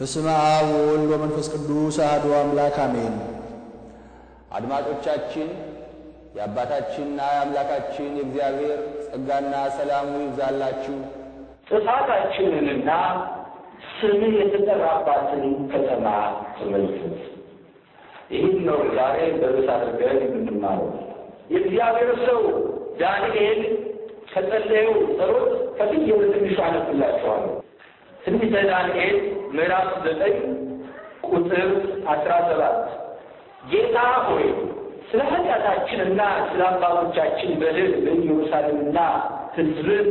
በስመ አብ ወወልድ ወመንፈስ ቅዱስ አሐዱ አምላክ አሜን። አድማጮቻችን የአባታችንና የአምላካችን የእግዚአብሔር ጸጋና ሰላሙ ይብዛላችሁ። ጥፋታችንንና ስምህ የተጠራባትን ከተማ ተመልከት። ይህን ነው ዛሬ በርዕስ አድርገን የምንማረው። የእግዚአብሔር ሰው ዳንኤል ከጸለየው ጸሎት ከፍዬ ትንሽ አነብላችኋለሁ። ትንቢተ ዳንኤል ምዕራፍ ዘጠኝ ቁጥር አስራ ሰባት ጌታ ሆይ ስለ ኃጢአታችንና ስለ አባቶቻችን በደል በኢየሩሳሌምና ሕዝብን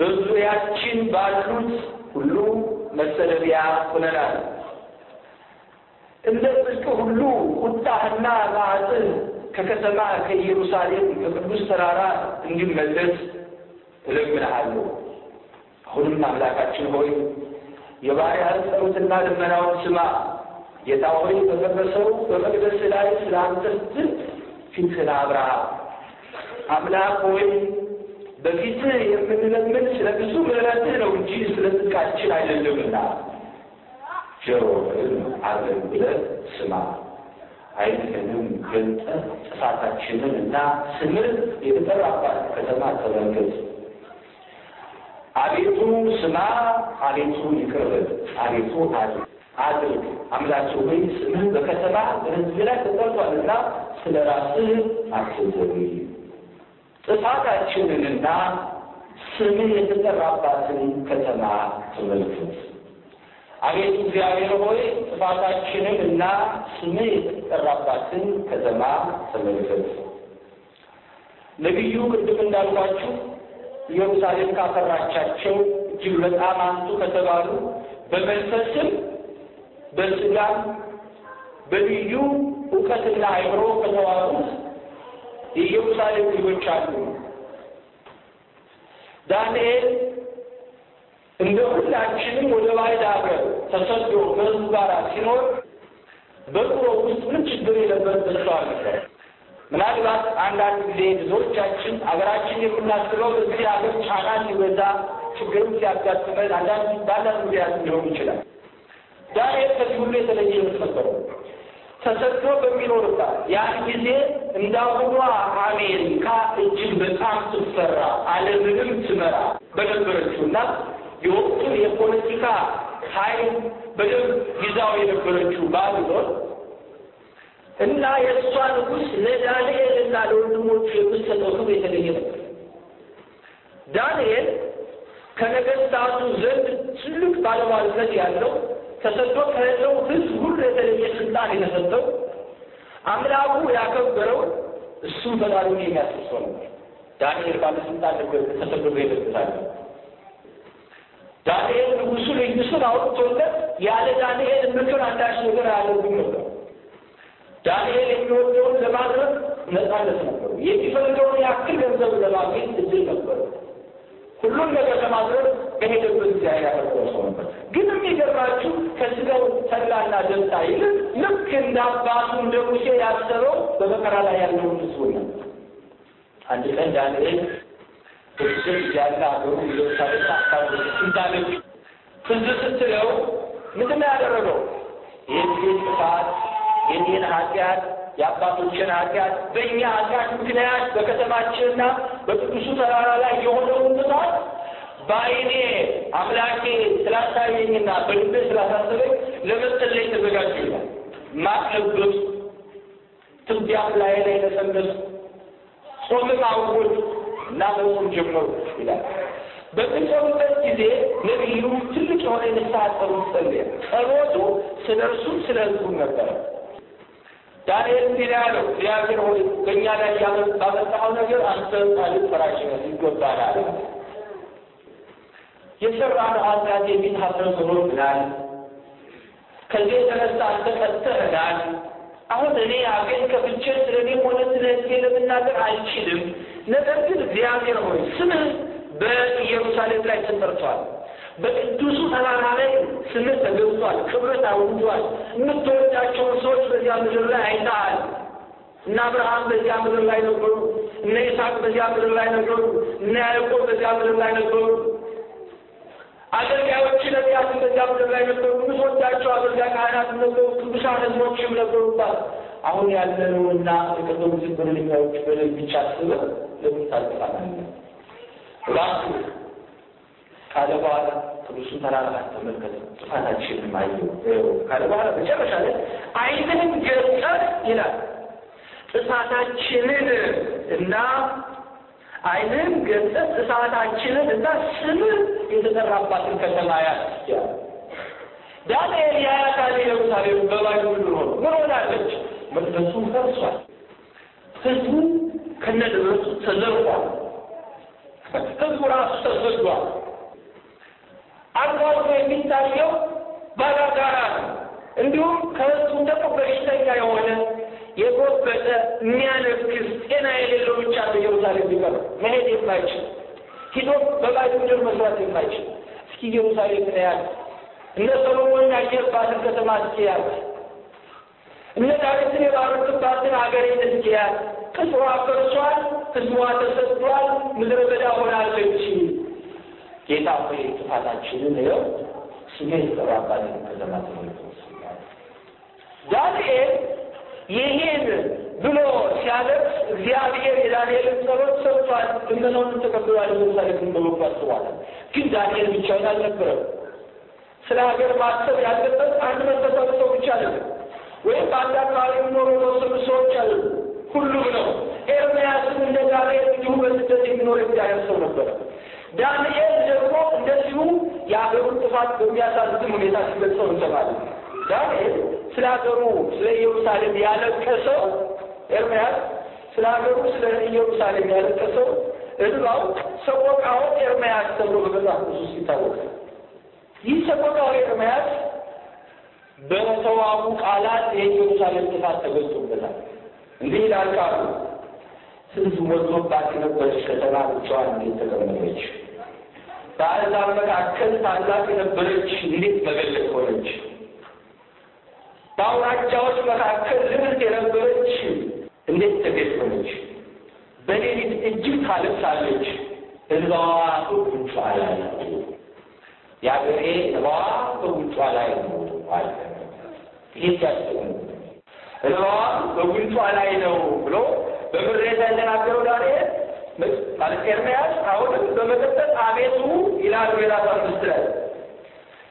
በዙሪያችን ባሉት ሁሉ መሰደቢያ ሆነናል። እንደ ጽድቅ ሁሉ ቁጣህና መዓትህ ከከተማ ከኢየሩሳሌም ከቅዱስ ተራራ እንዲመለስ እለምንሃለሁ። አሁንም አምላካችን ሆይ የባሪያህን ጸሎትና ልመናውን ስማ። ጌታ ሆይ በፈረሰው በመቅደስ ላይ ስለ አንተ ስትል ፊትህን አብራ። አምላክ ሆይ በፊትህ የምንለምን ስለ ብዙ ምሕረትህ ነው እንጂ ስለ ጽድቃችን አይደለምና ጆሮህን አዘን ብለህ ስማ። ዓይንህንም ገልጠህ ጥፋታችንን እና ስምህ የተጠራባት ከተማ ተመንገዝ አቤቱ ስማ፣ አቤቱ ይቅር አቤቱ አድርግ አድርግ አምላቸው ሆይ ስምህ በከተማ በሕዝብ ላይ ተጠርቷልና ስለ ራስህ አትዘውይ። ጥፋታችንንና ስምህ የተጠራባትን ከተማ ተመልከት። አቤቱ እግዚአብሔር ሆይ ጥፋታችንን እና ስምህ የተጠራባትን ከተማ ተመልከት። ነቢዩ ቅድም እንዳልኳችሁ ኢየሩሳሌም ካፈራቻቸው እጅግ በጣም አንቱ ከተባሉ በመንፈስም በስጋም በልዩ እውቀትና አይምሮ ከተዋሩት የኢየሩሳሌም ልጆች አሉ። ዳንኤል እንደ ሁላችንም ወደ ባዕድ አገር ተሰዶ ከህዝቡ ጋር ሲኖር በኑሮ ውስጥ ምን ችግር የለበት ሰው አልነበረ። ምናልባት አንዳንድ ጊዜ ብዙዎቻችን አገራችን የምናስበው እዚህ ሀገር ጫና ሲበዛ ችግርም ሲያጋጥመን አንዳንድ በአንዳንድ ጊዜያት ሊሆን ይችላል። ዛሬ ከዚህ ሁሉ የተለየ ሕይወት ተሰጥቶ ተሰዶ በሚኖርባት ያን ጊዜ እንዳሁኑ አሜሪካ እጅግ በጣም ስትሰራ ዓለምንም ትመራ በነበረችው እና የወቅቱን የፖለቲካ ኃይል በደንብ ይዛው የነበረችው ባቢሎን እና የእሷ ንጉስ ለዳንኤል እና ለወንድሞቹ የምሰጠው ክብር የተለየ ነው። ዳንኤል ከነገስታቱ ዘንድ ትልቅ ባለሟልነት ያለው ተሰጥቶ ከያዘው ህዝብ ሁሉ የተለየ ስልጣን የተሰጠው አምላኩ ያከበረው እሱም ፈጣሪውን የሚያስሰው ነው። ዳንኤል ባለስልጣን ተሰዶ ሄደበታል። ዳንኤል ንጉሱ ልዩ ስም አውጥቶለት ያለ ዳንኤል ምክር አንዳች ነገር አያደርጉም ነበር። ዳንኤል የሚወደውን ለማድረግ ነፃነት ነበሩ። የሚፈልገውን ያክል ገንዘብ ለማግኘት እድል ነበሩ። ሁሉም ነገር ለማድረግ በሄደበት ጊዜ ያደረገው ሰው ነበር። ግን የሚገርማችሁ ከስጋው ተላና ደስታ ይልቅ ልክ እንደ አባቱ እንደ ሙሴ ያሰረው በመከራ ላይ ያለውን ህዝቡ ነበር። አንድ ቀን ዳንኤል በጊዜ ያለ አገሩ ኢየሩሳሌም ታካሉ እንዳለች ትዝ ስትለው ምንድን ነው ያደረገው? ይህ ጥፋት የኔን ኃጢአት የአባቶችን ኃጢአት በእኛ ኃጢአት ምክንያት በከተማችንና በቅዱሱ ተራራ ላይ የሆነውን ምታት በአይኔ አምላኬ ስላሳየኝና በልቤ ስላሳሰበኝ ለመጸለይ ተዘጋጁ ይላል። ማቅለብብ ትንቢያም ላይ ላይ ነሰነሱ፣ ጾምም አወጁ እና መጾም ጀመሩ ይላል። በሚጾምበት ጊዜ ነቢዩ ትልቅ የሆነ ንስሐ ጸሎት ጸለየ። ጸሎቱ ስለ እርሱም ስለ ህዝቡም ነበረ። ዳንኤል እንዲህ ነው ያለው፣ እግዚአብሔር ሆይ በእኛ ላይ ያመጣው ነገር አንተ አልፈራሽ ይገባል አለ። የሰራነው ኃጢአት የሚል ሀሰብ ኖሮብናል። ከዚህ የተነሳ አንተ ቀጥተህናል። አሁን እኔ አፌን ከፍቼ ስለ እኔም ሆነ ስለ ሕዝቤ ለመናገር አልችልም። ነገር ግን እግዚአብሔር ሆይ ስምህ በኢየሩሳሌም ላይ ተጠርቷል። በቅዱሱ ተራራ ላይ ስምህ ተገብቷል፣ ክብረት ታውጇል። የምትወዳቸውን ሰዎች በዚያ ምድር ላይ አይተሃል። እነ አብርሃም በዚያ ምድር ላይ ነበሩ። እነ ይስሐቅ በዚያ ምድር ላይ ነበሩ። እነ ያዕቆብ በዚያ ምድር ላይ ነበሩ። አገልጋዮች ነቢያት በዚያ ምድር ላይ ነበሩ። ምትወዳቸው አገልጋይ ካህናት ነበሩ። ቅዱሳን ሕዝቦችም ነበሩባት። አሁን ያለነውና የቀደሙ ዝብር ሊቃዮች በደል ብቻ ስበ ለምን ታልፋለ ካለ በኋላ ቅዱሱን ተራራ ተመልከተ፣ ጥፋታችን አየው ካለ በኋላ መጨረሻ ላይ ዓይንህን ገጠር ይላል። ጥፋታችንን እና ዓይንን ገጠር ጥፋታችንን እና ስም የተጠራባትን ከተማ ያያል። ዳንኤል ያያታል። ኢየሩሳሌም በባይ ሁሉ ሆኖ ምን ሆናለች? መቅደሱ ፈርሷል። ህዝቡ ከነደረሱ ተዘርፏል። ህዝቡ ራሱ ተዘርፏል። አጓጉ የሚታየው ባላጋራ ነው። እንዲሁም ከህዝቡም ደግሞ በሽተኛ የሆነ የጎበጠ የሚያነክስ ጤና የሌለው ብቻ ነው ኢየሩሳሌም ሊቀርብ መሄድ የማይችል ሂዶ በባዶ እግር መስራት የማይችል እስኪ ኢየሩሳሌም ነው ያለ እነ ሰሎሞን ያየባትን ከተማ እስኪ ያለ እነ ዳዊትን የባረክባትን ሀገሬን እስኪ ያለ ቅጽዋ ፈርሷል፣ ህዝቧ ተሰጥቷል፣ ምድረ በዳ ሆናለች። ጌታ ሆይ ጥፋታችንን ይኸው ስሜ ይጠራባል ከዘማት ዳንኤል ይህን ብሎ ሲያለቅስ እግዚአብሔር የዳንኤልን ጸሎት ሰጥቷል። እምነቱን ተቀብሏል። ኢየሩሳሌምን በበጎ አስቧል። ግን ዳንኤል ብቻውን አልነበረም። ስለ ሀገር ማሰብ ያለበት አንድ መንፈሳዊ ሰው ብቻ አይደለም፣ ወይም በአንድ አካባቢ የሚኖሩ የተወሰኑ ሰዎች አሉ ሁሉም ነው። ኤርምያስም እንደ ዳንኤል እንዲሁ በስደት የሚኖር እግዚአብሔር ሰው ነበረ። ዳንኤል ደግሞ እንደዚሁ የሀገሩን ጥፋት በሚያሳዝን ሁኔታ ሲገልጸው እንሰማለን። ዳንኤል ስለ ሀገሩ ስለ ኢየሩሳሌም ያለቀሰው ኤርምያስ ስለ ሀገሩ ስለ ኢየሩሳሌም ያለቀሰው እንባው ሰቆቃው ኤርምያስ ተብሎ በመጽሐፍ ቅዱስ ይታወቃል። ይህ ሰቆቃው ኤርምያስ በተዋቡ ቃላት የኢየሩሳሌም ጥፋት ተገልጾበታል። እንዲህ ይላል ቃሉ ስንት ሞልቶባት የነበረች ከተማ ብቻዋን እንዴት ተቀመጠች? በአሕዛብ መካከል ታላቅ የነበረች እንዴት መገለጥ ሆነች? በአውራጃዎች መካከል ህብርት የነበረች እንዴት ተገዥ ሆነች? በሌሊት እጅግ ታለቅሳለች። እንባዋ በጉንጯ ላይ ነው። የአገሬ ሕዝባዋ በጉንጯ ላይ ነው ይሄ ሲያስቡ እንባዋ በጉንጯ ላይ ነው ብሎ በምሬታ የተናገረው ዳንኤል ማለት ኤርምያስ አሁንም በመቀጠል አቤቱ ይላሉ የራሱ አምስት ላይ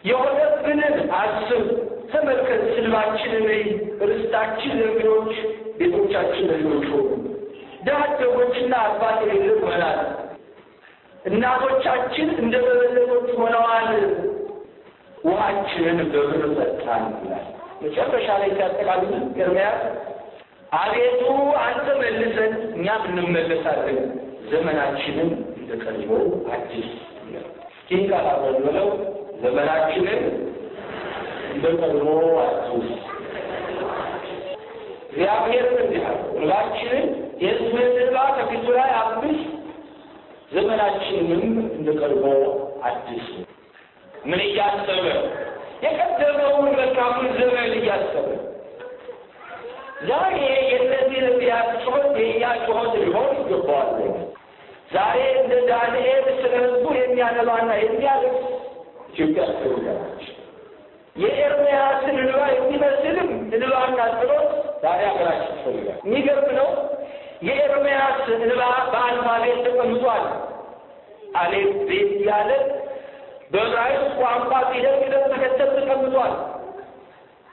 የሆነብንን አስብ ተመልከት፣ ስልባችንን እይ፣ ርስታችን እንግዶች፣ ቤቶቻችን እንግዶች ሆኑ፣ ድሀ አባት የሌለን ሆናል፣ እናቶቻችን እንደ መበለቶች ሆነዋል፣ ውሃችንን በብር ጠጣን ይላል። መጨረሻ ላይ ሲያጠቃልል ኤርምያስ አቤቱ አንተ መልሰን እኛም እንመለሳለን፣ ዘመናችንን ቀድሞ አዲስ ይህ ቃል አበበለው ዘመናችንን ቀድሞ አዲስ እግዚአብሔር እንዲህ ምላችንን የሕዝብን ከፊቱ ላይ አብስ፣ ዘመናችንንም ቀድሞ አዲስ ምን እያሰበ የቀደመውን መልካሙን ዘመን እያሰበ ዛሬ የእነዚህ ነቢያት ጩኸት የእኛ ጩኸት ሊሆን ይገባዋል። ዛሬ እንደ ዳንኤል ስለ ህዝቡ የሚያነባና የሚያለቅስ ኢትዮጵያ ትውልዳለች። የኤርምያስን እንባ የሚመስልም እንባና ጸሎት ዛሬ ሀገራችን ትፈልጋል። የሚገርም ነው። የኤርምያስ እንባ በአልፋቤት ተቀምጧል። አሌፍ ቤት እያለ በዕብራይስጥ ቋንቋ ፊደል ቅደም ተከተል ተቀምጧል።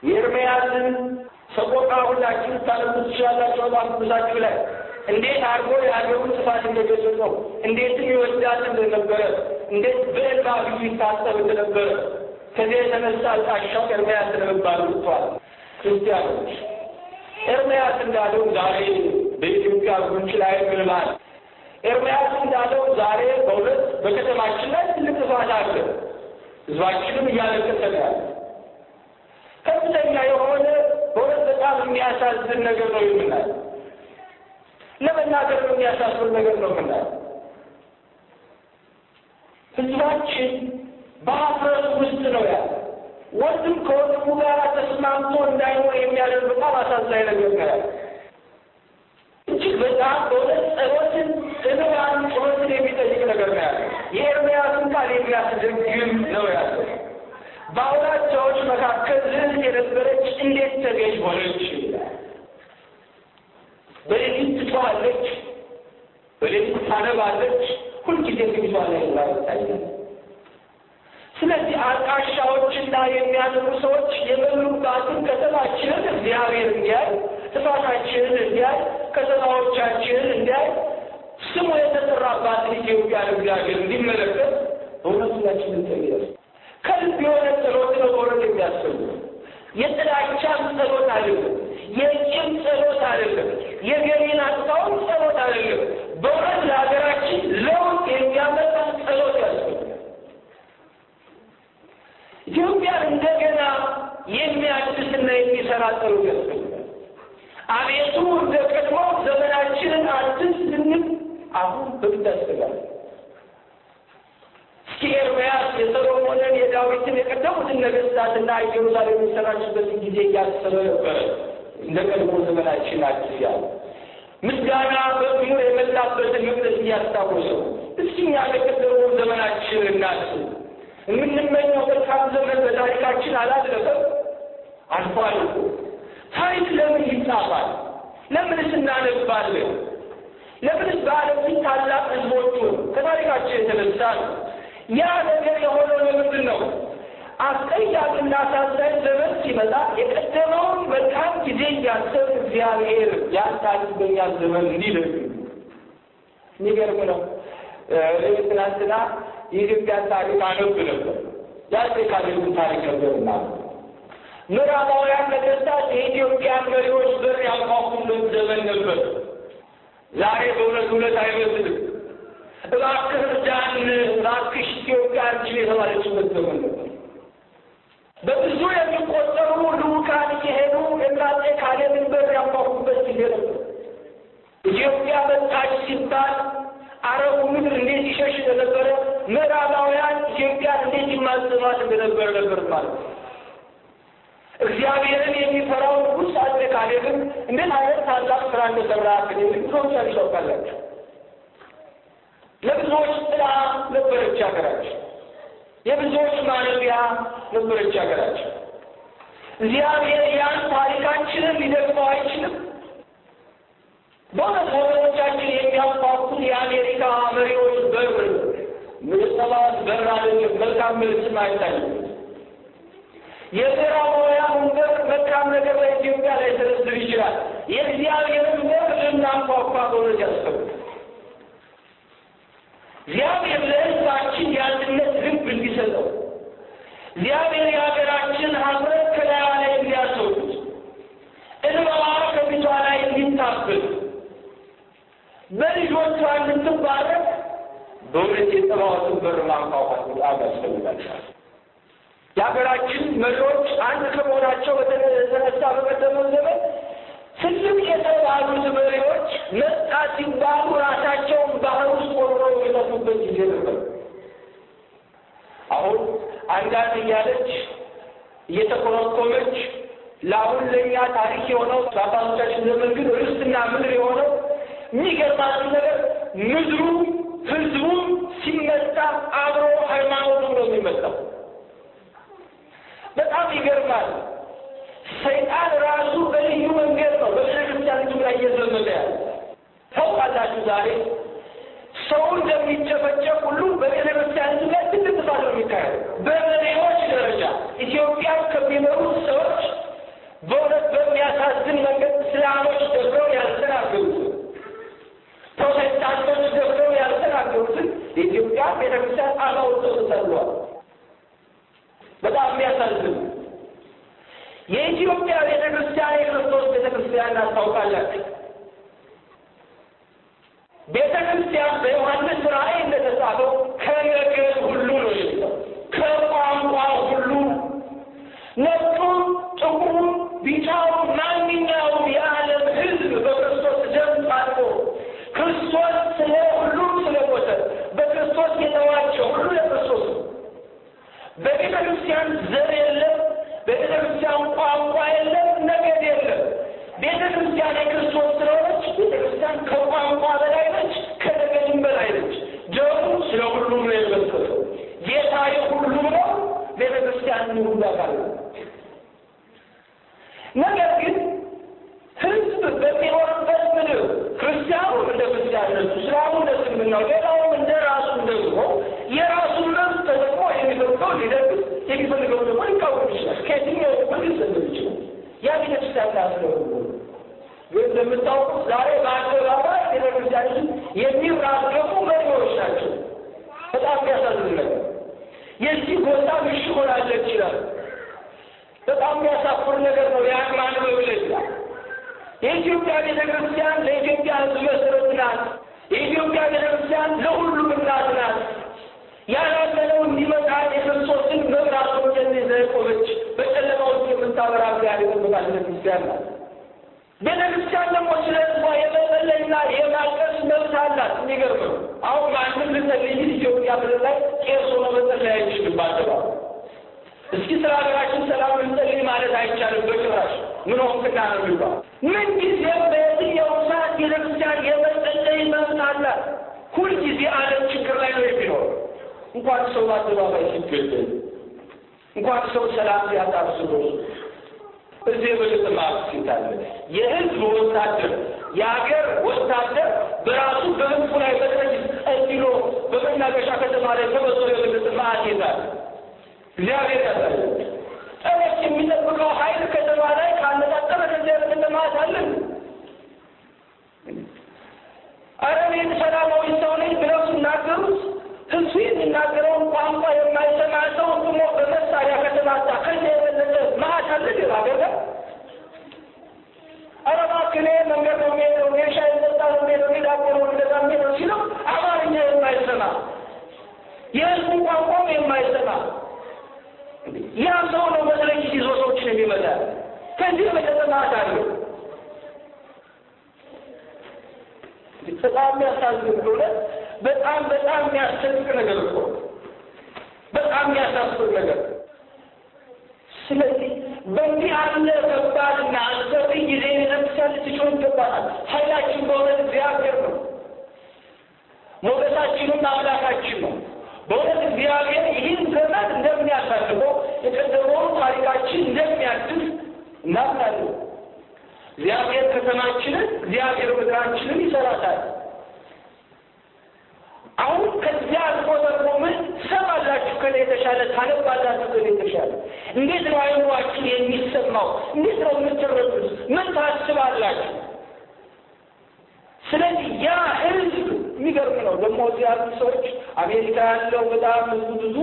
የኤርምያስን ሰቆቃ ሁላችሁ ታለሙ ትችላላችሁ። አላህ ብዛችሁ ላይ እንዴት አድርጎ የሀገሩን ጥፋት እንደገለጸው እንዴትም ይወዳል እንደነበረ እንዴት በእልባ ብዙ ይታሰብ እንደነበረ ከዚያ የተነሳ ጣሻው ኤርምያስ ስለመባሉ ወጥቷል። ክርስቲያኖች ኤርምያስ እንዳለው ዛሬ በኢትዮጵያ ጉንጭ ላይ ምንላል ኤርምያስ እንዳለው ዛሬ በእውነት በከተማችን ላይ ትልቅ ጥፋት አለ። ህዝባችንም እያለቀሰ ነው ያለ ከፍተኛ የሆነ በእውነት በጣም የሚያሳዝን ነገር ነው የምናል ለመናገር ነው የሚያሳዝን ነገር ነው የምናል ህዝባችን በሀፍረት ውስጥ ነው ያለ። ወንድም ከወንድሙ ጋር ተስማምቶ እንዳይኖር የሚያደርግ በጣም አሳዛኝ ነገር ነው ያለ። እጅግ በጣም በእውነት ጸሎትን፣ እንባን፣ ጩኸትን የሚጠይቅ ነገር ነው ያለ። የኤርሚያስን ቃል የሚያስደግም ነው ያለው በአውራጃዎች መካከል ህዝብ የነበረች እንዴት ተገዥ ሆነች ይላል። በሌሊት ትጮኻለች፣ በሌሊት ታነባለች፣ ሁልጊዜ ግብቷ ላይ ይታያል። ስለዚህ አልቃሻዎችና የሚያነቡ ሰዎች የበሉባትን ከተማችንን እግዚአብሔር እንዲያይ፣ ጥፋታችንን እንዲያይ፣ ከተማዎቻችንን እንዲያይ፣ ስሙ የተጠራባትን ኢትዮጵያን እግዚአብሔር እንዲመለከት በእውነቱ ያችንን ከልብ የሆነ ጸሎት ነው በእውነት የሚያስቡ የጥላቻም ጸሎት አይደለም። የቂም ጸሎት አይደለም። የገሌን አጥቃውን ጸሎት አይደለም። በእውነት ለሀገራችን ለውጥ የሚያመጣ ጸሎት ያስፈልጋል። ኢትዮጵያን እንደገና የሚያድስና የሚሰራ ጸሎት ያስፈልጋል። አቤቱ እንደ ቀድሞ ዘመናችንን አድስ ስንል አሁን በግድ ያስፈልጋል። ዳዊትም የቀደሙትን እና ኢየሩሳሌም የሰራችበትን ጊዜ እያሰበ ነበር። እንደ ቀድሞ ዘመናችን አዲስ ያሉ ምስጋና በግሞ የመጣበትን መቅደስ እያስታወሰው እስኪ እኛ ለቀደሙ ዘመናችን እናስብ። የምንመኘው መልካም ዘመን በታሪካችን አላለፈም፣ አልፏል ታሪክ ለምን ይጻፋል? ለምንስ እናነባለን? ለምንስ በዓለም ፊት ታላቅ ህዝቦቹ ከታሪካችን የተነሳ ነው ያ ነገር የሆነው ለምንድን ነው? አስቀያሚና አሳዛኝ ዘመን ሲመጣ የቀደመውን በጣም ጊዜ እያሰብ እግዚአብሔር ያሳዝበኛል ዘመን እንዲል የሚገርም ነው። እኔ ትናንትና የኢትዮጵያን ታሪክ አነብ ነበር። የአፍሪካ ልዩን ታሪክ ነበርና ምዕራባውያን ነገስታት የኢትዮጵያን መሪዎች በር ያንኳኩልን ዘመን ነበር። ዛሬ በእውነት እውነት አይመስልም። እባክህ እባክሽ ኢትዮጵያ አንቺን የተባለችበት ዘመን ነበር። በብዙ የሚቆጠሩ ልዑካን እየሄዱ የምራጤ ካሌብን በር ያንኳኩበት ጊዜ ነበር። ኢትዮጵያ መጣች ሲባል አረቡ ምድር እንዴት ይሸሽ እንደነበረ፣ ምዕራባውያን ኢትዮጵያ እንዴት ይማጽኗት እንደነበረ ነበር ማለት ነው። እግዚአብሔርን የሚፈራው ንጉሥ አጼ ካሌብን እንዴት አይነት ታላቅ ስራ እንደሰራ ብዙዎች ያውቃላችሁ። ለብዙዎች ጥላ ነበረች ሀገራችን። የብዙዎች ማለፊያ ነበረች ሀገራችን። እግዚአብሔር ያን ታሪካችንን ሊደግመው አይችልም። በእውነት ወገኖቻችን የሚያንኳኩት የአሜሪካ መሪዎች በር ምጽባት በር አይደለም፣ መልካም ምልስ አይታይም። የምዕራባውያኑን በር መልካም ነገር በኢትዮጵያ ላይ ተደስድር ይችላል። የእግዚአብሔርን በር ልናንኳኳ በእውነት ያስፈልጋል። እግዚአብሔር ለህዝባችን የአንድነት ልብ እንዲሰጠው እግዚአብሔር የሀገራችን ሀብረት ከላያ ላይ እንዲያሰሩት እንባዋ ከፊቷ ላይ እንዲታበብ በልጆቿ እንድትባረክ በእውነት የጠባዋትን በር ማንኳኳት በጣም ያስፈልጋቸዋል። የሀገራችን መሪዎች አንድ አሁን ለእኛ ታሪክ የሆነው ለአባቶቻችን ዘመን ግን ርስትና ምድር የሆነው የሚገርማችሁ ነገር ምድሩ ህዝቡ ሲመጣ አብሮ ሃይማኖቱ ነው የሚመጣው። በጣም ይገርማል። ሰይጣን ራሱ በልዩ መንገድ ነው በቤተክርስቲያኒቱ ላይ እየዘመተ ያለ። ታውቃላችሁ ዛሬ ሰው እንደሚጨፈጨፍ ሁሉ በቤተክርስቲያኒቱ ላይ ትልቅ ጥፋት ነው የሚካሄደው በመሪዎች ደረጃ ኢትዮጵያ ከሚመሩት ሰዎች በእውነት በሚያሳዝን መንገድ እስላሞች ደፍረው ያልተናገሩትን ፕሮቴስታንቶች ደፍረው ያልተናገሩትን የኢትዮጵያ ቤተክርስቲያን አባውቶ ተሰሏል። በጣም የሚያሳዝን የኢትዮጵያ ቤተክርስቲያን የክርስቶስ ቤተክርስቲያን ታስታውቃላችሁ። ቤተክርስቲያን በዮሐንስ ራእይ እንደተጻፈው ከነገድ ሁሉ ነው የሚለው ከቋንቋ ሁሉ ነጩ ጥቁሩ ቢጫው ማንኛውም የዓለም ሕዝብ በክርስቶስ ደም አልቆ ክርስቶስ ስለ ሁሉም ስለሞተ በክርስቶስ የተዋቸው ሁሉ ለክርስቶስ ነው። በቤተ ክርስቲያን ዘር የለም፣ በቤተ ክርስቲያን ቋንቋ የለም፣ ነገድ የለም። ቤተ ክርስቲያን የክርስቶስ ስለሆነች ቤተ ክርስቲያን ከቋንቋ በላይ ነች፣ ከነገድም በላይ ነች። ደሙ ስለ ሁሉም ነው ጌታ ነው። ቤተ ክርስቲያን ነገር ግን ህዝብ በሚሆንበት ምድር ክርስቲያኑ እንደ ክርስቲያነቱ፣ እስላሙ እንደ እስልምናው፣ ሌላውም እንደ ራሱ ደግሞ የራሱን መብት ተጠቅሞ የሚፈልገው ሊደግፍ የሚፈልገው ደግሞ ሊቃወም ይችላል። ከየትኛው መንግስት እንደሚችላል ያ ቤተክርስቲያን ያስለው ግን እንደምታውቁ ዛሬ በአደባባይ ቤተክርስቲያኖችን የሚራገፉ መሪዎች ናቸው። በጣም ያሳዝን ነገር የዚህ ጎሳ ምሽ ሆናለች ይችላል በጣም የሚያሳፍር ነገር ነው። የአቅማን ነው ይለኛል። የኢትዮጵያ ቤተክርስቲያን ለኢትዮጵያ ሕዝብ መሰረት ናት። የኢትዮጵያ ቤተክርስቲያን ለሁሉም እናት ናት። ያላመነው እንዲመጣ የክርስቶስን መብራት ወጀን ይዛ በጨለማ ውስጥ የምታበራ እግዚአብሔር መባል ቤተክርስቲያን ናት። ቤተክርስቲያን ደግሞ ስለ ሕዝቧ የመጸለይና የማልቀስ መብት አላት። የሚገርም ነው። አሁን ማንም ልጸልይ ኢትዮጵያ ምድር ላይ ቄስ ሆኖ መጸለይ አይችልም ባደባ እስኪ ስለ ሀገራችን ሰላም እንጸልይ ማለት አይቻልም። በጭራሽ ምን ሆንክና ነው የሚባል ምን ጊዜም በየትኛው ሰዓት ቤተክርስቲያን የመጸለይ መብት አላት። ሁልጊዜ ዓለም ችግር ላይ ነው የሚኖር። እንኳን ሰው በአደባባይ ሲገደል፣ እንኳን ሰው ሰላም ሲያጣ እዚህ ምልጥ ማለት ሲታለ የህዝብ ወታደር የሀገር ወታደር በራሱ በህዝቡ ላይ በጠጅ እንዲኖር በመናገሻ ከተማ ላይ ተበዞ የምልጥ ማለት ይዛል እግዚአብሔር ያለው ጠበች የሚጠብቀው ኃይል ከተማ ላይ ካነጣጠረ ከዚያ በፊት ልማት አለን። ሰላማዊ ሰው ነኝ ብለው ሲናገሩት ህዝቡ የሚናገረውን ቋንቋ የማይሰማ ሰው ቁሞ በመሳሪያ ከተማታ ከዚያ የበለጠ መዓት አለን ይባገር አረባ ክኔ መንገድ ነው የሚሄደው ሻይ ጠጣ ነው የሚሄደው ዳቦ ነው ሚገዛ የሚሄደው ሲለው አማርኛ የማይሰማ የህዝቡ ቋንቋም የማይሰማ ያም ሰው ነው በድረጊት ይዞ ሰዎችን የሚመጣ ከዚህ በተጠማት አለ በጣም የሚያሳዝን ከሆነ በጣም በጣም የሚያስደንቅ ነገር እኮ በጣም የሚያሳስብ ነገር። ስለዚህ በእንዲህ ያለ ከባድና አስፈሪ ጊዜ ለምሳሌ ትጮህ ይገባታል። ኃይላችን በሆነ እግዚአብሔር ነው፣ ሞገሳችንም አምላካችን ነው። በእውነት እግዚአብሔር ይህን ዘመን እንደሚያሳልፈው የቀደመውን ታሪካችን እንደሚያድስ እናምናለን። እግዚአብሔር ከተማችንን፣ እግዚአብሔር ምድራችንን ይሰራታል። አሁን ከዚያ አልፎ ደግሞ ምን ትሰማላችሁ? ከ የተሻለ ታነባላችሁ? ከኔ የተሻለ እንዴት ነው አይምሯችሁ የሚሰማው? እንዴት ነው የምትረዱት? ምን ታስባላችሁ? ስለዚህ ያ ህዝብ የሚገርም ነው ደግሞ እዚህ ያሉ ሰዎች አሜሪካ ያለው በጣም ብዙ ብዙ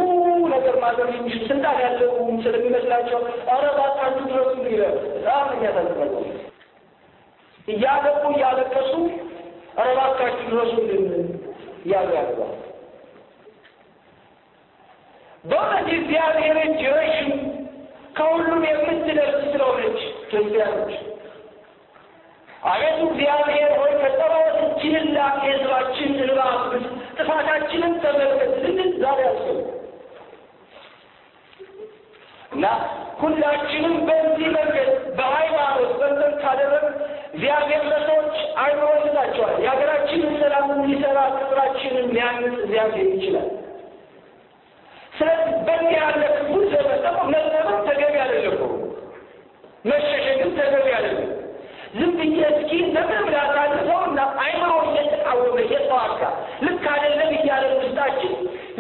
ነገር ማድረግ የሚችል ስልጣን ያለው ስለሚመስላቸው ኧረ እባካችሁ ድረሱ ይለ በጣም የሚያሳዝናል። እያገቡ እያለቀሱ ኧረ እባካችሁ ድረሱልን እያሉ ያገባል። በእውነት እግዚአብሔርን ጅረሽ ከሁሉም የምትደርስ ስለሆነች ክርስቲያኖች አቤቱ እግዚአብሔር ሆይ ከጸሎታችን ላቅ የሕዝባችን እንባ አብስ ጥፋታችንን ተመልከት ልንል ዛሬ አልሰው እና ሁላችንም በዚህ መንገድ በሃይማኖት በንተን ካደረግ እግዚአብሔር ለሰዎች አይምሮ ይላቸዋል። የሀገራችንን ሰላም የሚሰራ ክብራችንን ሊያንጽ እግዚአብሔር ይችላል። ስለዚህ በዚህ ያለ ክቡር ዘመጠቁ ደግሞ መዘመን ተገቢ አይደለም፣ መሸሸግም ተገቢ አይደለም። ዝም ብዬ እስኪ ነበር ብላታለ እና አይምሮ እየተቃወመ እየተዋጋ ልክ አይደለም እያለን ውስጣችን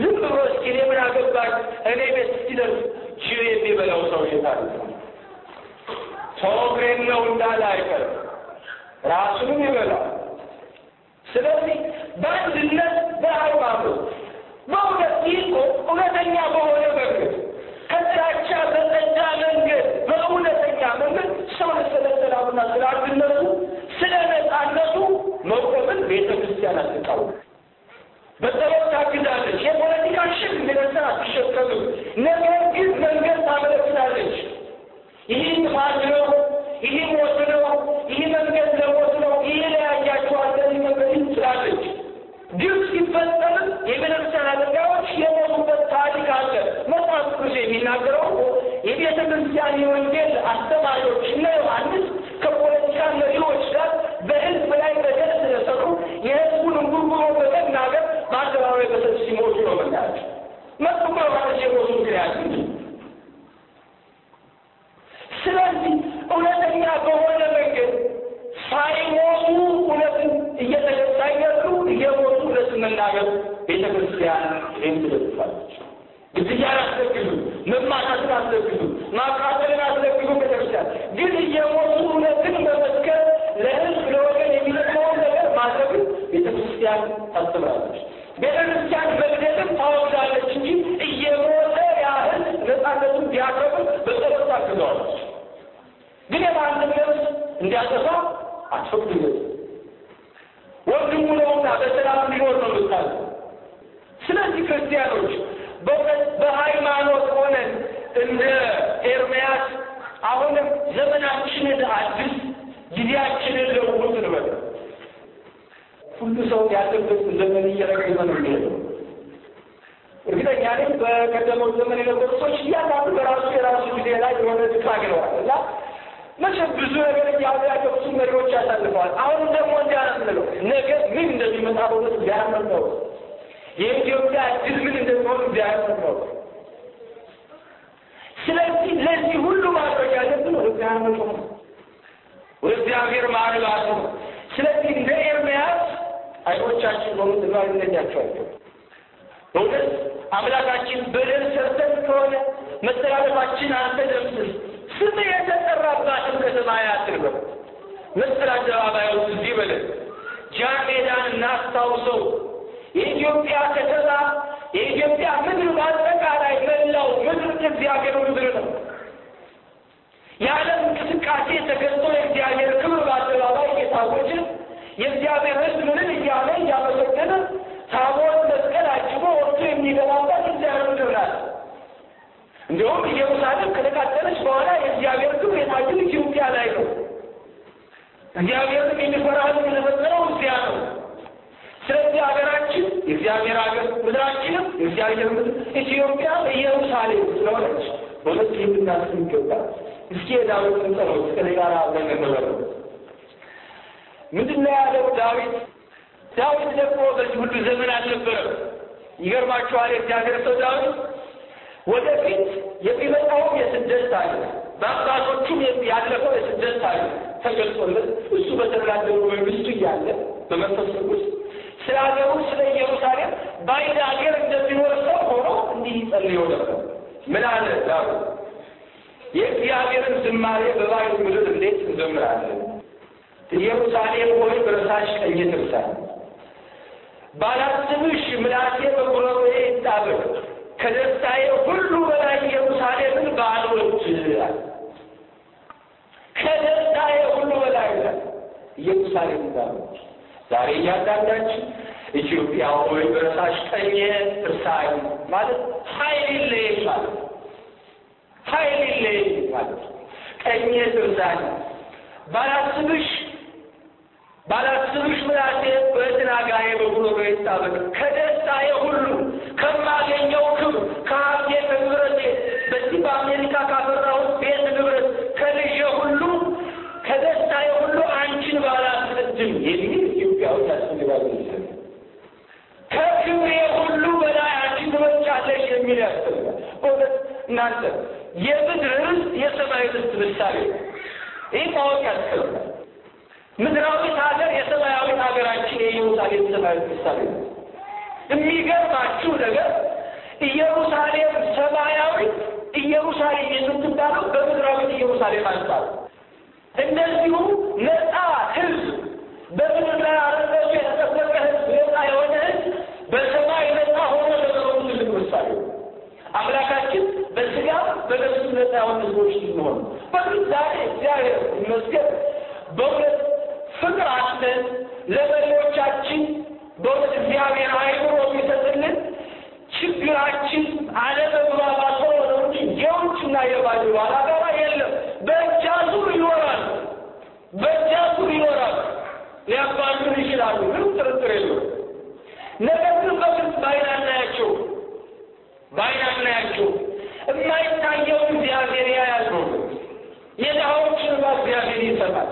ዝም ብሎ እስኪ እኔ ምን አገባኝ እኔ ቤት እስኪደር ጅብ የሚበላው ሰው የታለ ሰው እግሬን ነው እንዳለ አይቀርም ራሱንም ይበላል። ስለዚህ በአንድነት በሃይማኖት በእውነት ይህ እኮ እውነተኛ በሆነ መንገድ ከጥላቻ በጸዳ መንገድ በእውነተኛ መንገድ ሰው ስለ ሰላምና ስለ አንድነቱ ስለ ነጻነቱ መቆምን ቤተ ክርስቲያን አትቃወም። በጸሎት ታግዛለች። የፖለቲካ ሽግ ሚነትን አትሸከም፣ ነገር ግን መንገድ ታመለክታለች። ይህን ማን ነው? ይህ ሞት ነው፣ ይህ መንገድ ለሞት ነው፣ ይህ ለያያቸዋል በዚህ መንገድ ትላለች። ግብፅ ሲፈጸምም የቤተክርስቲያን አገልጋዮች የሞቱበት ታሪክ አለ። መጽሐፍ ቅዱስ የሚናገረው የቤተ የወንጌል አስተማሪዎች እነ ዮሐንስ መማቃትን አትለግዱ፣ ማቃጠልን አትለግዱ። ቤተክርስቲያን ግን እየሞቱ እውነትን በመስከር ለህዝብ ለወገን የሚጠቅመውን ነገር ማድረግ ቤተክርስቲያን ታስተምራለች። ቤተክርስቲያን መግደልም ታወግዛለች እንጂ እየሞተ ያህል ነጻነቱን ቢያቀቡ በጸሎት ታግዘዋለች። ግን የማንም ነፍስ እንዲያጠፋ አትፈቅዱ። ወንድሙ ነውና በሰላም እንዲኖር ነው ምታለ። ስለዚህ ክርስቲያኖች በሃይማኖት ሆነን እንደ ኤርሚያስ አሁንም ዘመናችንን አዲስ ጊዜያችንን ለውጥ እንበል። ሁሉ ሰው ያለበት ዘመን እየረገመ ነው የሚሄደው። እርግጠኛ ነኝ በቀደመው ዘመን የነበሩ ሰዎች እያንዳንዱ በራሱ የራሱ ጊዜ ላይ የሆነ ድቃ ግለዋል እና መቼም ብዙ ነገር እያሉ ያለው ብዙ መሪዎች ያሳልፈዋል። አሁንም ደግሞ እንዲያነስንለው ነገር ምን እንደሚመጣ በሁለት ሊያመን ነው የኢትዮጵያ እድል ምን እንደሚሆን እንዲያዩ ነው። ስለዚህ ለዚህ ሁሉ ማድረግ ያለብን ወደዚያ መጡ ነው፣ ወደእግዚአብሔር ማንባቱ ነው። ስለዚህ እንደ ኤርምያስ አይኖቻችን በምድር ላይ እንለያቸዋለን። እውነት አምላካችን በደል ሰርተን ከሆነ መተላለፋችን አንተ ደምስስ ስም የተጠራባትን ከተማ ያድርገው። መስቀል አደባባይ ውስጥ እዚህ በለን ጃን ሜዳን እናስታውሰው። የኢትዮጵያ ከተማ የኢትዮጵያ ምድር በአጠቃላይ መላው ምድር እግዚአብሔር ምድር ነው። የዓለም እንቅስቃሴ ተገልጦ የእግዚአብሔር ክብር በአደባባይ እየታወጀ የእግዚአብሔር ሕዝብ ምንም እያለ እያመሰገነ ታቦት መስቀል አጅቦ ወጥቶ የሚገባባት እግዚአብሔር ምድር ናት። እንዲሁም ኢየሩሳሌም ከተቃጠለች በኋላ የእግዚአብሔር ክብር የታየው ኢትዮጵያ ላይ ነው። እግዚአብሔርም የሚፈራ ሕዝብ የተፈጠረው እዚያ ነው። የእግዚአብሔር ሀገር ምድራችንም የእግዚአብሔር ምድር ኢትዮጵያ ኢየሩሳሌም ስለሆነች በሁለት የምናስብ ይገባል። እስኪ የዳዊትን ጸሎት ከኔ ጋር ለመመለሩ ምንድን ነው ያለው ዳዊት? ዳዊት ደግሞ በዚህ ሁሉ ዘመን አልነበረም። ይገርማችኋል። የእግዚአብሔር ሰው ዳዊት ወደፊት የሚመጣውም የስደት አለ በአባቶቹም ያለፈው የስደት አለ ተገልጾለት እሱ በተብላደሩ መንግስቱ እያለ በመንፈስ ቅዱስ ስለ ሀገሩ ስለ ኢየሩሳሌም ባይድ ሀገር እንደሚኖር ሰው ሆኖ እንዲህ ይጸልየው ነበር። ምን አለ ዳዊት? የእግዚአብሔርን ዝማሬ በባዕድ ምድር እንዴት እንዘምራለን? ኢየሩሳሌም ሆይ በረሳሽ ቀኝ ትርሳል። ባላስብሽ ምላሴ በጉሮሮዬ ይጣበቅ። ከደስታዬ ሁሉ በላይ ኢየሩሳሌምን በዓሎች ከደስታዬ ሁሉ በላይ ይላል ኢየሩሳሌምን በዓሎች ዛሬ እያንዳንዳችን ኢትዮጵያ ሆይ በእርሳሽ ቀኝ እርሳይ ማለት ኃይል የለይም ማለት ኃይል የለይም ማለት ቀኝ እርሳይ ባላስብሽ ባላስብሽ ምላሴ በትናጋዬ በጉሮሮዬ ይጣበቅ ከደስታዬ ሁሉ ከማገኘው ክብር ከሀብ እናንተ የምድር ርስት የሰማይ ርስት ምሳሌ ይህ ማወቅ ያስፈልጋል። ምድራዊት ሀገር የሰማያዊት ሀገራችን የኢየሩሳሌም ሰማያዊት ምሳሌ ነው። የሚገርማችሁ ነገር ኢየሩሳሌም ሰማያዊት ኢየሩሳሌም የምትባለው በምድራዊት ኢየሩሳሌም አንጻር እነዚሁ ነፃ ህዝብ በምድር ላይ አረበቱ የተጠበቀ ህዝብ ነፃ የሆነ ህዝብ በሰማይ ነፃ ሆኖ ለመኖሩ ትልቅ ምሳሌ አምላካችን በስጋ በነሱ ነፃ ያሁን ህዝቦች እንሆን። በዚህ ዛሬ እግዚአብሔር ይመስገን በእውነት ፍቅር አለን ለመሪዎቻችን። በእውነት እግዚአብሔር አይምሮ የሚሰጥልን ችግራችን አለመግባባት ሆኖ ነው እንጂ የውጭና ባላ ጋራ የለም። በእጃ ዙር ይኖራል፣ በእጃ ይኖራል። ሊያባሉን ይችላሉ፣ ምንም ጥርጥር የለው። ነገር ግን በግልጽ በአይን አናያቸው፣ በአይን አናያቸው። የማይታየው እግዚአብሔር ያያል ነው። የድሃዎችን እንባ እግዚአብሔር ይሰማል።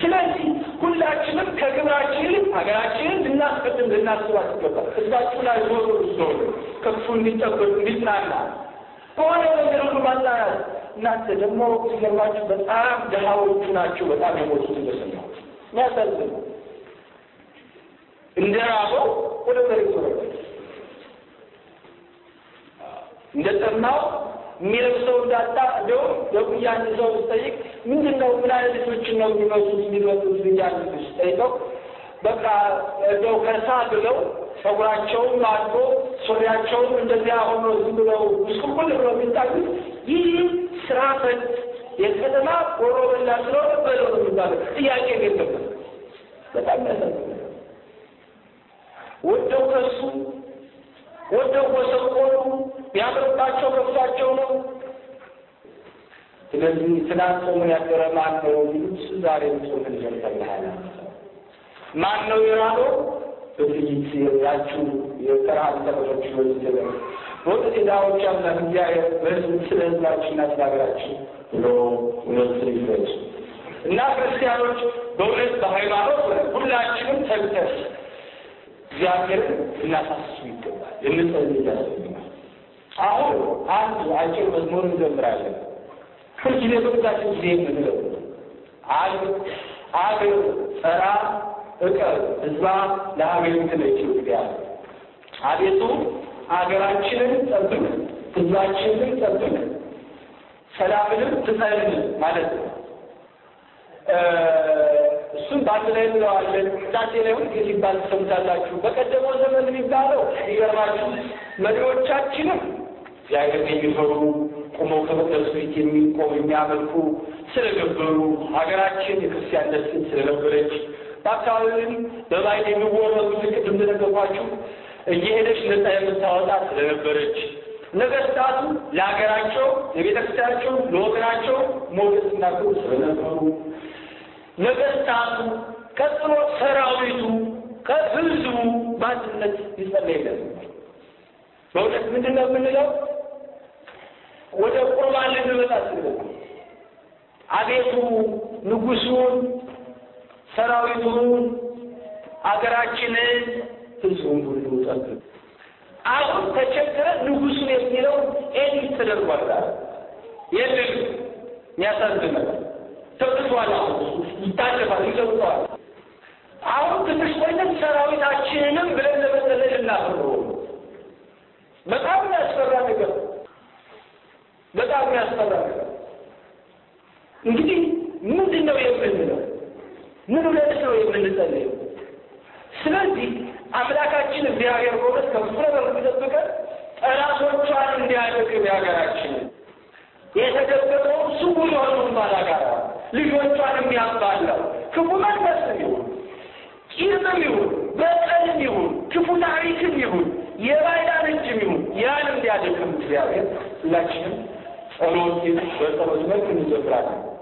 ስለዚህ ሁላችንም ከግብራችን ይልቅ ሀገራችንን ልናስቀድም ልናስብ አስገባል። ህዝባችሁ ላይ ዞሮ ዞሮ ከክፉ እንዲጠበቅ እንዲጽናና በሆነ ነገር ሁሉ ማጽናናት። እናንተ ደግሞ ሲገርማችሁ በጣም ድሃዎቹ ናቸው በጣም የሞቱት እንደሰማሁ የሚያሳዝን እንደ ራበው ወደ መሬት ወረደ። እንደሰማው የሚለብሰው እንዳጣ እንዲሁም የጉያን ሰው ስጠይቅ ምንድን ነው ምን አይነት ልጆችን ነው የሚመስሉ የሚመስሉት ብያን ስጠይቀው በቃ እንደው ከሳ ብለው ፀጉራቸውም አድጎ ሱሪያቸውም እንደዚያ ሆኖ ዝም ብለው ስኩል ብለው የሚታዩት ይህ ስራ ፈት የከተማ ጎሮ በላ ስለሆነ በለው ነው የሚባለው። ጥያቄ የለበት። በጣም ያሳዝ ወደው ከሱ ወደው ወሰቆሉ ቢያምርባቸው ከፍታቸው ነው። ስለዚህ ስላጾሙ ያደረ ማን ነው የሚሉት ዛሬ ጾም እንጀምተልሃል ማን ነው የራበው? በፊት ያችሁ የጠራ ተበቶች ወይስ ወደ ሴዳዎች አምላክ እግዚአብሔር በህዝብ ስለ ህዝባችንና ስለ ሀገራችን ብሎ እውነት ይፈጽ እና ክርስቲያኖች በእውነት በሃይማኖት ሁላችንም ተብተስ እግዚአብሔርን እናሳስሱ ይገባል። ልንጸልይ ያስፈልጋል። አሁን አንድ አጭር መዝሙር እንዘምራለን። ሁልጊዜ በሁላችን ጊዜ የምንለው አግ አግ ጸራ እቀብ ህዝባ ለሀገር ትለችው ግዲያ አቤቱ አገራችንን ጠብቅ፣ ህዝባችንን ጠብቅ፣ ሰላምንም ትጠልን ማለት ነው። እሱም በአንድ ላይ እንለዋለን። ቅዳሴ ላይ ሁልጊዜ ሲባል ትሰምታላችሁ። በቀደመው ዘመን የሚባለው ይገርማችሁ መሪዎቻችንም እግዚአብሔርን የሚፈሩ ቁመው ከመቅደሱ ፊት የሚቆም የሚያመልኩ ስለገበሩ ሀገራችን የክርስቲያን ደስን ስለነበረች በአካባቢም በባዕድ የሚወረዱ ልክ እንደነገርኳችሁ እየሄደች ነፃ የምታወጣ ስለነበረች ነገስታቱ ለሀገራቸው ለቤተክርስቲያናቸው ለወገናቸው ሞገስ እናቁ ስለነበሩ ነገስታቱ ቀጥሎ ሰራዊቱ ከህዝቡ በአንድነት ይጸለይለን። በእውነት ምንድን ነው የምንለው? ወደ ቁርባን ልንመጣ ስንል አቤቱ ንጉሱን፣ ሰራዊቱን፣ አገራችንን፣ ህዝቡን ሁሉ ጠብቅ። አሁን ተቸግረ ንጉሱን የሚለው ኤዲት ተደርጓል። የልል የሚያሳዝነው ተብሏል። አሁን ይታለፋል፣ ይለውጠዋል። አሁን ትንሽ ቆይተን ሰራዊታችንንም ብለን ለመጠለል እናፍረ በጣም ያስፈራ ነገር በጣም ያስፈራ እንግዲህ ምንድን ነው የምንለው? ምን ሁለት ነው የምንጸልየው? ስለዚህ አምላካችን እግዚአብሔር ጎበዝ ከፍረበር ጠብቀን ጠላቶቿን እንዲያደግብ የሀገራችን የተደበቀው ስውር የሆነውን ባላጋራ ልጆቿን የሚያባላው ክፉ መንፈስ ይሁን ቂምም ይሁን በቀልም ይሁን ክፉ ታሪክም ይሁን የባይዳን እጅም ይሁን ያን እንዲያደግም እግዚአብሔር ሁላችንም rolnicy, to jest to rozumiem, że brak.